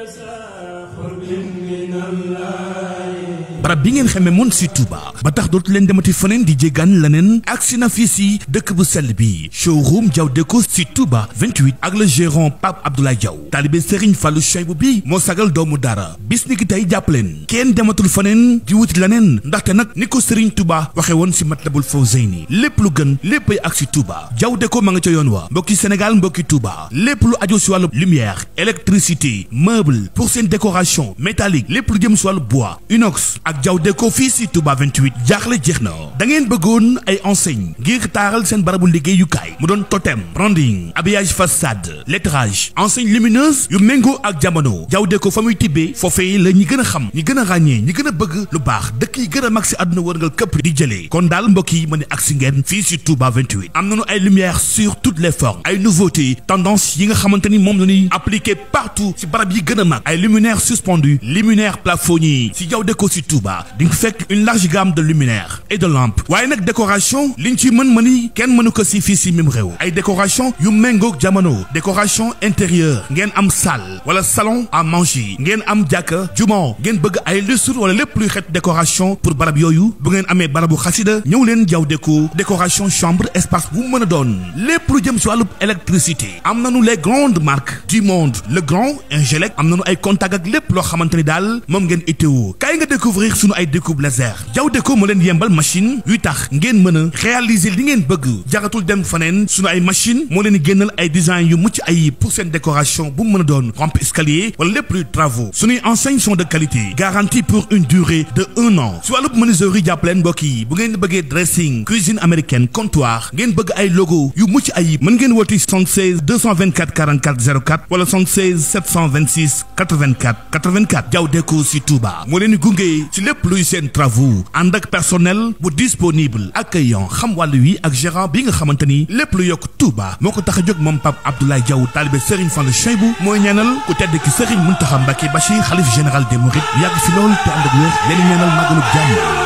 يسعى قرب من الله barab bi ngeen xamee moon si Touba ba tax dootu leen demati feneen di jéggaan leneen ak agsi na fii si dëkk bu sell bi showroom Diaw ko si Touba 28 ak le gérant Pape Abdoulaye Diaw taalibe Serigne Fallou Cheibou bi moo sagal doomu dara bis ni ki tey jàppaleen kenn dematul feneen di wuti leneen ndaxte nag ni ko Serigne Touba waxe woon si Matlabul Fawzayni lépp lu gën léppay ak si Touba Diaw ko ma nga ca yoon wa mbokki Sénégal mbokki Touba lépp lu ajo si wàllu lumière électricité meuble pour seen décoration métallique lépp lu jëm si wàllu bois ak jaw deko fii jaaxle jeex na da bëggoon ay enseigne ngir taaral seen barabu liggéeyukaay mu doon totem branding habillage façade lettrage enseigne lumineuse yu méngoo ak jamono jaw fa muy tibbee foofee la ñi gën a xam ñi gën a ràññee ñi gën a bëgg lu baax dëkk yi gën a mag si àdduna wërngal këpp di jëlee kon daal mbokk yi ma ne agsi ngeen fii si Touba 28 am nañu ay lumière sur toutes les formes ay nouveautés tendance yi nga xamante moom la ñuy appliqué partout si a mag Touba di fekk une large gamme de luminaires et waaye nag décoration liñ ci mën mën yi kenn mënu ko fii si mim réew ay décoration yu méngoog jamono décoration intérieure ngeen am salle wala salon à manger ngeen am jàkka jumaa ngeen bëgg ay lustre wala lépp luy xeet décoration pour barab yooyu bu ngeen amee barabu xasida ñëw leen jaw déco décoration chambre espace bu mën a doon lépp lu jëm si wàllu électricité am na nañu les grandes marques du monde le grand Ingelec am nañu ay contact ak lépp loo xamante ni daal moom ngeen itteewu kaay nga découvrir suñu ay découpe laser jaw déco moo leen yembal machine yuy tax ngeen mën a réaliser li ngeen bëgg jaratul dem faneen suñu ay machine moo leen génnal ay design yu mucc ay pour seen décoration bu mu mën a doon rampe escalier wala lépp luy travaux suñuy enseignes sont de qualité garantie pour une durée de un an si wàllub menuiserie jàppaleen mbokk yi bu ngeen bëggee dressing cuisine américaine comptoir ngeen bëgg ay logo yu mucc ay mën ngeen woti 76 224 44 04 wala moo leen gunge si lépp personne bu disponible accueillant xam wàllu wi ak gérant bi nga xamante ni lépp lu yokk Touba moo ko tax a jóg moom Pape Abdoulaye Diaw taalibe Serigne Fallou Cheibou mooy ñaanal ku tedd ki Serigne Mountakha Mbacké Bachir xalif général des Mourides yàgg fi lool te ànd ak wér leen ñaanal màggalu jàmm